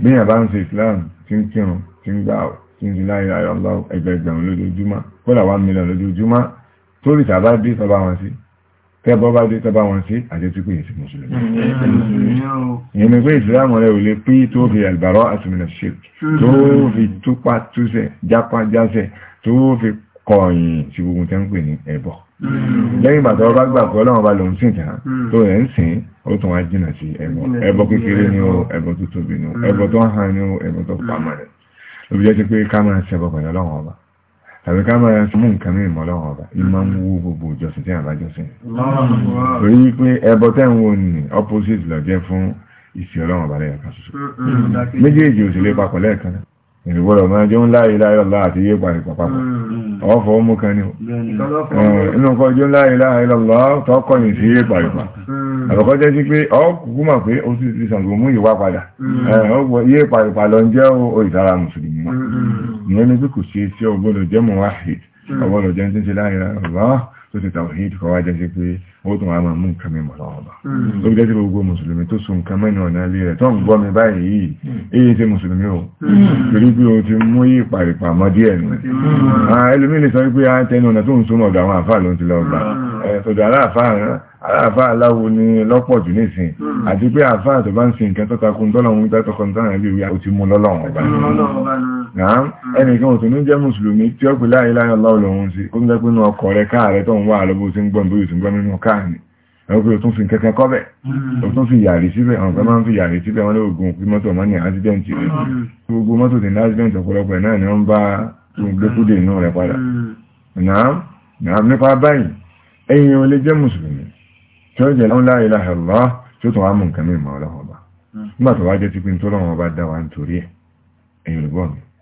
bí yàn ń ṣe Islam tí ń kírun tí ń gbà ọ̀ tí ń ṣe láyé ayọ̀ ọlọ́run ẹgbẹgbẹ̀rún lójoojúmọ́ kódà one million lójoojúmọ́ torí tàbá dé tọ́ba wọn sí tẹ́bọ́ bá dé tọ́ba wọn sí àjẹtí pé èsì mùsùlùmí. ìyẹn ni pé ìsìlámù rẹ̀ ò lè pín tó fi àlùbárọ́ àtúmìnà ṣe tó fi túpa túṣẹ̀ jápá jásẹ̀ tó fi kọ̀yìn sí gbogbo tẹ́ ń pè ní ẹbọ lẹ́yìn ìgbà tó bá gbà pé ọlọ́run bá lòun sìn tán hmm. tó rẹ̀ ń sìn ó tún wá jìnà sí ẹbọ ẹbọ kékeré ni ó hmm. ẹbọ tó tóbi ni ó hmm. ẹbọ tó hàn ni ó ẹbọ tó pamọ́ rẹ̀ ló fi jẹ́ sí pé ká máa ṣẹbọ pẹ̀lú ọlọ́run ọba tàbí ká máa mú nǹkan ní ìmọ̀ ọlọ́run ọba ìmọ̀ ń wú gbogbo ìjọsìn tí àbájọ sí torí pé ẹbọ tẹ́ ń wo ni opposite lọ jẹ́ fún ìsìn ọlọ́run ọba lẹ́yìn kan ṣoṣo méjèèjì òṣèlú papọ̀ lẹ́ẹ̀kan náà ìrìbọ̀rọ̀ máa jẹ́ ń láàrín láàrín ọ̀lá àti yé parí pàpapọ̀ mm. ọ̀fọ̀ ọmọ kan ní inú kọ́ jẹ́ ń láàrín láàrín ọ̀lá tọ́kọ̀ yìí sí yé parí pa mm. àbọ̀kọ́ jẹ́ sí pé ọkùnkùn mà pé ó sì ti sàǹgó mú ìwà padà mm. yé parí pa lọ ń jẹ́ o ìtara mùsùlùmí mọ́ mm-hmm. ìyẹn ni pé kò ṣe sí ọgbọ́dọ̀ jẹ́ mọ́ wáhìd ọgbọ́dọ̀ jẹ́ ń tí ń ṣe láàrín tó ti tàwíìd kọ́ wá jẹ́ sí pé ó tún wà máa mú nǹkan mímọ̀ lọ́wọ́ba ló hmm. jẹ́ sí gbogbo mùsùlùmí tó so nǹkan mẹ́nu ọ̀nà ilé rẹ̀ tó ń gbọ́ mi báyìí hmm. èyí tí mùsùlùmí o hmm. torí pé o ti mú yí ìpàrìpàmọ́ díẹ̀ nù ah, ẹlòmí sọ pé a tẹnu ọ̀nà tó ń so mọ̀ ọ̀dọ̀ àwọn àfáà ló ń ti lọ gbà eh, ọ̀dọ̀ aláàfáà aláàfáà aláwo ni lọ́pọ̀ jù nísìn àti pé àfáà tó bá ń sin nǹkan tó takun Mm. ẹnìkan òtún ní jẹ́ mùsùlùmí tí ó pè láyé láyé ọlọ́run lòun sí kó ń jẹ́ pé nínú ọkọ̀ rẹ káà rẹ tó ń wà lọ́bọ̀ tí ń gbọ́n bí òtún gbọ́n nínú káà ni ẹ̀rọ pé òtún fi kẹ́kẹ́ kọ́ bẹ̀ òtún mm. fi yàrí síbẹ̀ àwọn kan máa ń fi yàrí síbẹ̀ wọn lóògùn òpin mọ́tò ọmọ ní àṣídẹ́ǹtì mm. gbogbo mọ́tò ní àṣídẹ́ǹtì ọ̀pọ̀lọpọ̀ náà ni wọ́n bá gbẹ́kúdé inú rẹ̀ padà nàám nípa báyìí ẹ̀yin ò lè jẹ́ mùsùlùmí tí ó jẹ́ láyé láyé lọ́ tí ó tún wá mú nǹkan mímọ́ ọlọ́wọ́ bá nígbà tó wá jẹ́ ti pín tó lọ́wọ́ bá dá wa nítorí ẹ̀ ẹ̀yin olùgbọ́ mi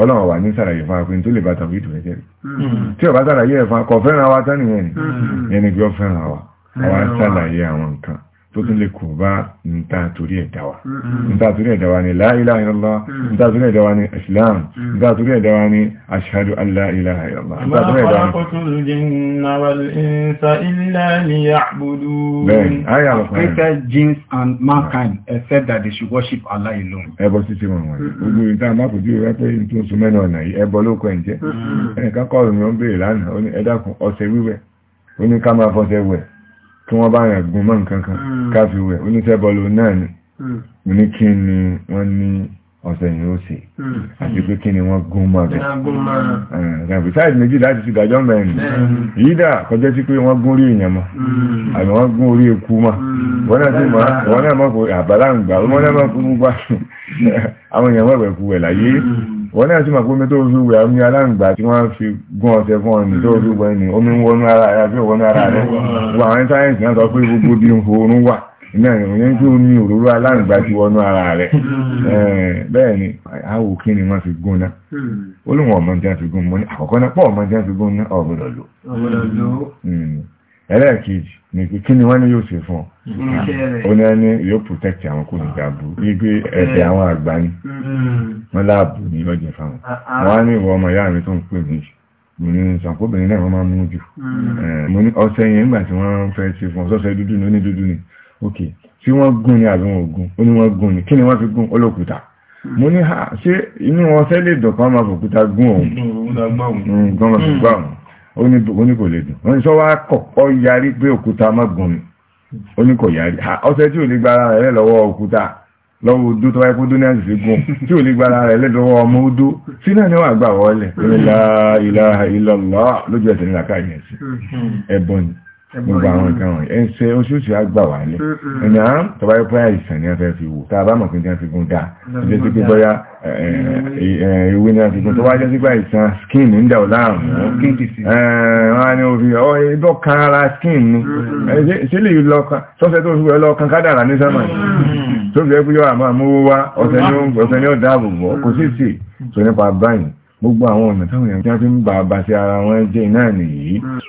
ọlọ́run wà ní sàlàyé fún apin tó lè bá tàbí ìdùn ẹ̀jẹ̀ tí ọba sàlàyé ẹ̀fọn akọ fẹ́ràn wa tán nìyẹn ni ẹni mm. pé ó fẹ́ràn wa mm. àwa sàlàyé àwọn nǹkan tó tún lè kò bá níta torí ẹ̀dá wa mm-hmm. níta torí ẹ̀dá wa ni la ilaha illallah mm-hmm. níta torí ẹ̀dá wa ni islam mm-hmm. níta torí ẹ̀dá wa ni ashhadu an la ilaha illallah níta torí ẹ̀dá ni. ẹbọ títí wọn wọn gbogbo ìta máa kò tí o rẹ pé mẹ́nu ọ̀nà yìí ẹbọ ló kọ ẹ̀ jẹ́ ẹnìkan kọ́ ọ̀rùn mi ó béèrè lánàá ó ní ẹ wíwẹ̀ ó ní wẹ̀ kí wọ́n bá yàn gún mọ́ nǹkan kan hmm. káfí wẹ̀ oníṣẹ́bọlù náà ni mo hmm. ní kí ni wọ́n ní ọ̀sẹ̀ yìí ó sì hmm. àti pé kí ni wọ́n gún mọ́ bẹ̀. gàbí eh, eh, sáìdì méjì láti ti dájọ́ mẹ́rin yìí dà kọjá sí pé wọ́n gún orí èèyàn mọ́ àbí wọ́n gún orí eku mọ́ wọ́n náà sì mọ́ wọ́n náà mọ́ kó àbálàǹgbà wọ́n náà mọ́ kó gbogbo àwọn èèyàn wẹ̀wẹ̀ ku wẹ̀ láyé wọ́n náà ti mọ̀ pé omi tó fi wẹ̀ omi aláǹgbà tí wọ́n fi gún ọ̀sẹ̀ fún ọ̀nì tó fi wẹ̀ ni omi ń wọnú ara rẹ̀ àbí ìwọnú ara rẹ̀ wọ àwọn sáyẹ́ǹsì náà sọ pé gbogbo bí oorun wà iná ìròyìn pé omi òróró aláǹgbà ti wọnú ara rẹ̀ bẹ́ẹ̀ ni àwò kí ni wọ́n fi gún náà olóhùn ọmọ tí gún mọ́ àkọ́kọ́ náà pọ̀ ọmọ tí gún náà ọ̀gbọ́dọ̀ lò ẹlẹ́ẹ̀kejì ni kí ni wọ́n ní yóò ṣe fún ọ mm-hmm. ní ẹni yóò protect àwọn kò ní gàbù wípé mm-hmm. ẹ̀bẹ̀ àwọn àgbà ni mm-hmm. wọ́n láàbù ní ọjọ́ fáwọn ah, ah. wọ́n á ní ìwọ ọmọ ìyá mi tó ń pè mí mo ní sàkóbìnrin náà wọ́n máa mú jù eh, mo ní ọṣẹ yẹn nígbà tí wọ́n fẹ́ ṣe fún ọṣẹ dúdú ní dúdú ni ok tí wọ́n gún ni àbí wọn ò gún ó ní wọ́n gún ni kí ni wọ́n fi gún olókùúta mo ní ṣé inú ọṣẹ lè dọ̀kan máa fòkúta gún òun gbọ́n máa fi gbá òun mm, oníkò lè dùn wọ́n sọ wá kọ̀kọ́ yarí pé òkúta mọ́gùn ni oníkò yarí ọ̀sẹ̀ tí ò lè gba ara rẹ̀ lọ́wọ́ òkúta lọ́wọ́ odó tó wáyé kó dóní àti ṣègùn tí ò lè gba ara rẹ̀ lẹ́dọ̀wọ́ ọmọ odó tí náà ni wà gbà wọlé la ilaha illallah lójú ẹsẹ̀ nílà káyẹ̀ sí mm-hmm. ẹ̀bọ̀n ni gbogbo àwọn nǹkan wọ̀nyí ẹ̀ ń ṣe oṣooṣù àgbà wà ní mm, mm, mm. ẹ̀nà tọba yóò pẹ́ àìsàn ní afẹ́ fi wò tá a bá mọ̀ pé ní afigun dá ilé tó pé bọ́yá ewé ní afigun tó wájẹ́ sígbà àìsàn skin ń dà ọ́ láàrùn wọ́n á ní òfin ọ ibọ́ kan ara skin ni ṣé lè lọ kan sọ́sẹ̀ tó fi lọ kan kádàrà ní sámà tó fi ẹkú yọ àmọ́ àmúwó wá ọ̀sẹ̀ ni ó dáàbò bọ̀ kò sí sí tó nípa báyìí gbogbo